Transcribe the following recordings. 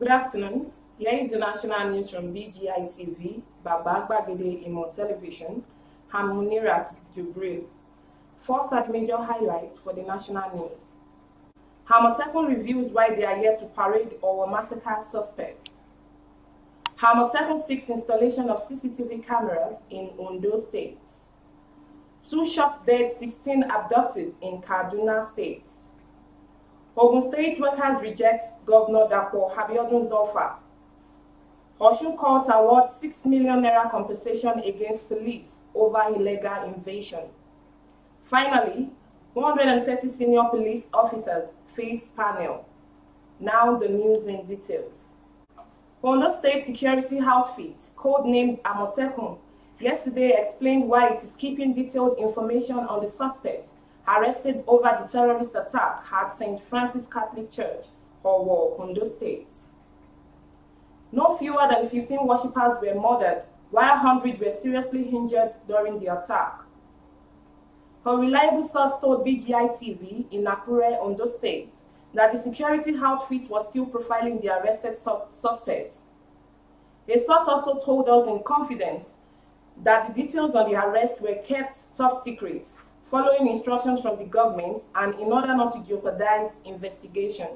Good afternoon. Here is the national news from BGI TV, Baba Gbagede Imo Television, Hamunirat Jubril. First at major highlights for the national news. Hamotekun reveals why they are here to parade or massacre suspects. Hamotekun seeks installation of CCTV cameras in Ondo State. Two shot dead, 16 abducted in Kaduna State. Ogun State workers reject Governor Dapo Abiodun's offer. Osun Court awards 6 million naira compensation against police over illegal invasion. Finally, 130 senior police officers face panel. Now the news and details. Ondo State security outfit, codenamed Amotekun, yesterday explained why it is keeping detailed information on the suspect arrested over the terrorist attack at St. Francis Catholic Church, Owo, Ondo State. No fewer than 15 worshippers were murdered, while 100 were seriously injured during the attack. A reliable source told BGI TV in Akure, Ondo State, that the security outfit was still profiling the arrested su suspect. A source also told us in confidence that the details on the arrest were kept top secret following instructions from the government and in order not to jeopardize investigation.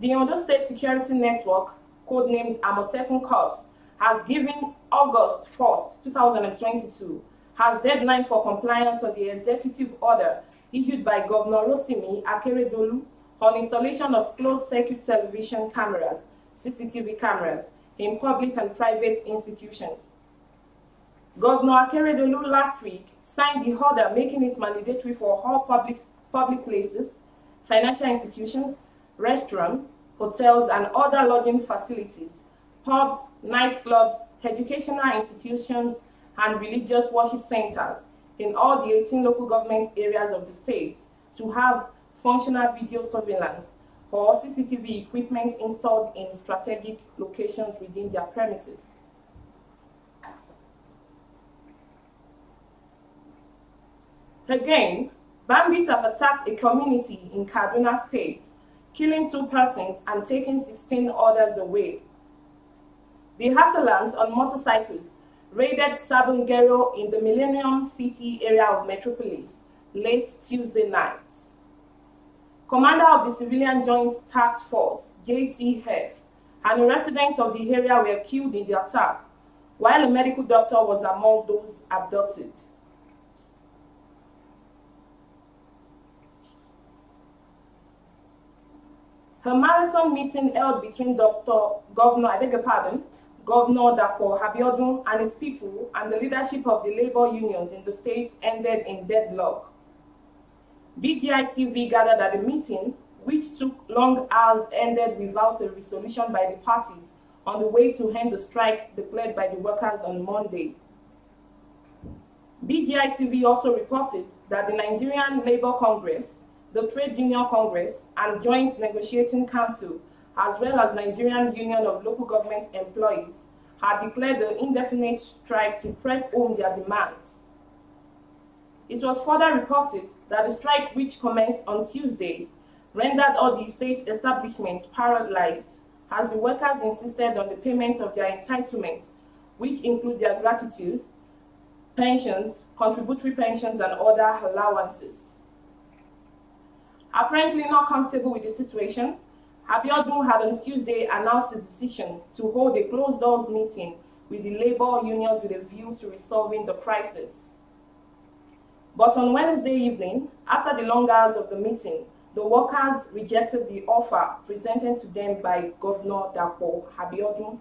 The Ondo State Security Network, codenamed Amotekun Corps, has given August 1st, 2022, has deadline for compliance of the executive order issued by Governor Rotimi Akeredolu on installation of closed-circuit television cameras, CCTV cameras, in public and private institutions. Governor Akeredolu last week signed the order making it mandatory for all public, public places, financial institutions, restaurants, hotels, and other lodging facilities, pubs, nightclubs, educational institutions, and religious worship centers in all the 18 local government areas of the state to have functional video surveillance or CCTV equipment installed in strategic locations within their premises. Again, bandits have attacked a community in Kaduna State, killing two persons and taking 16 others away. The hustlers on motorcycles raided Sabungero in the Millennium City area of Metropolis late Tuesday night. Commander of the Civilian Joint Task Force, JT Hef, and residents of the area were killed in the attack, while a medical doctor was among those abducted. Her marathon meeting held between Dr. Governor, I beg your pardon, Governor Dapo Habiodun and his people and the leadership of the labor unions in the state ended in deadlock. BGI TV gathered at the meeting, which took long hours, ended without a resolution by the parties on the way to end the strike declared by the workers on Monday. BGI TV also reported that the Nigerian Labour Congress the Trade Union Congress, and Joint Negotiating Council, as well as Nigerian Union of Local Government Employees, had declared the indefinite strike to press home their demands. It was further reported that the strike, which commenced on Tuesday, rendered all the state establishments paralyzed as the workers insisted on the payment of their entitlements, which include their gratuities, pensions, contributory pensions, and other allowances. Apparently not comfortable with the situation, Abiodun had on Tuesday announced the decision to hold a closed doors meeting with the labor unions with a view to resolving the crisis. But on Wednesday evening, after the long hours of the meeting, the workers rejected the offer presented to them by Governor Dapo Abiodun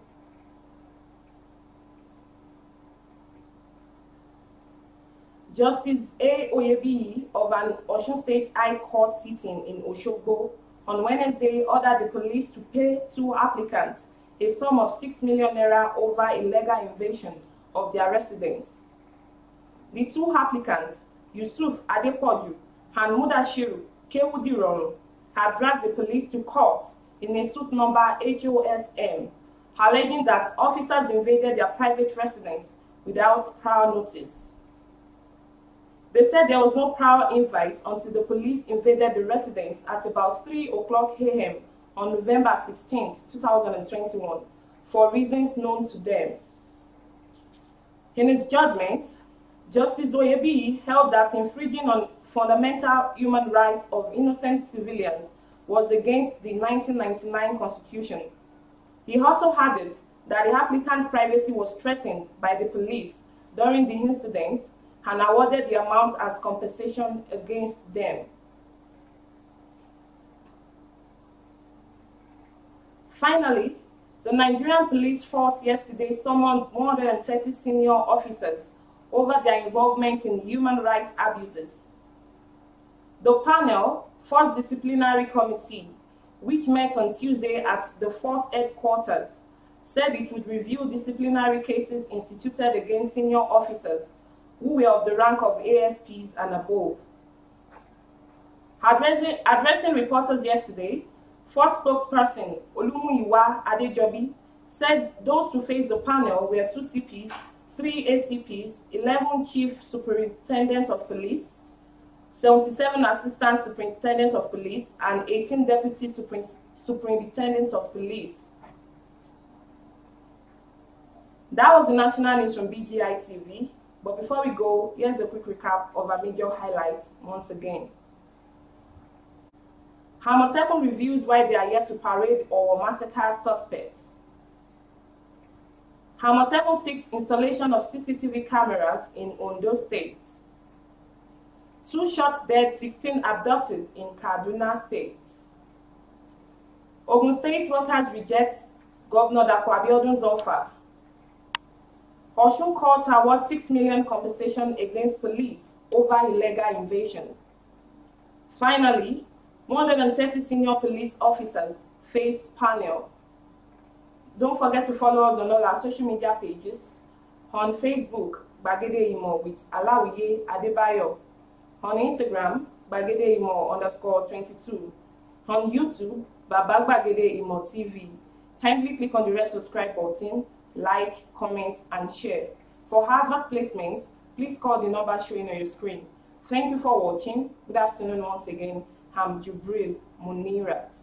Justice A. Oyebi of an Osho State High Court sitting in Oshogbo on Wednesday ordered the police to pay two applicants a sum of 6 million naira over illegal invasion of their residence. The two applicants, Yusuf Adepodu and Mudashiru Kewudiron, had dragged the police to court in a suit number HOSM, alleging that officers invaded their private residence without prior notice. They said there was no prior invite until the police invaded the residence at about 3 o'clock a.m. on November 16, 2021, for reasons known to them. In his judgment, Justice Oyebi held that infringing on fundamental human rights of innocent civilians was against the 1999 Constitution. He also added that the applicant's privacy was threatened by the police during the incident and awarded the amount as compensation against them. Finally, the Nigerian police force yesterday summoned 130 senior officers over their involvement in human rights abuses. The panel, Force Disciplinary Committee, which met on Tuesday at the force headquarters, said it would review disciplinary cases instituted against senior officers who were of the rank of ASPs and above. Addressing, addressing reporters yesterday, first spokesperson Olumuyiwa Adejobi said those to face the panel were two CPs, three ACPs, 11 chief superintendents of police, 77 assistant superintendents of police, and 18 deputy superintendents of police. That was the National News from BGI TV. But before we go, here's a quick recap of our major highlights once again. Hamotekun reviews why they are yet to parade or massacre suspects. Hamotekun seeks installation of CCTV cameras in Ondo State. Two shot dead, 16 abducted in Kaduna State. Ogun State workers reject Governor Dakwabiodun's offer. Oshun Court awards 6 million compensation against police over illegal invasion. Finally, 130 senior police officers face panel. Don't forget to follow us on all our social media pages. On Facebook, Bagede Imo with Alawiye Adebayo. On Instagram, Bagede Imo underscore 22. On YouTube, Baba Bagede Imo TV. Kindly click on the red subscribe button like, comment, and share. For advert placements, please call the number showing on your screen. Thank you for watching. Good afternoon once again. I'm Jubril Munirat.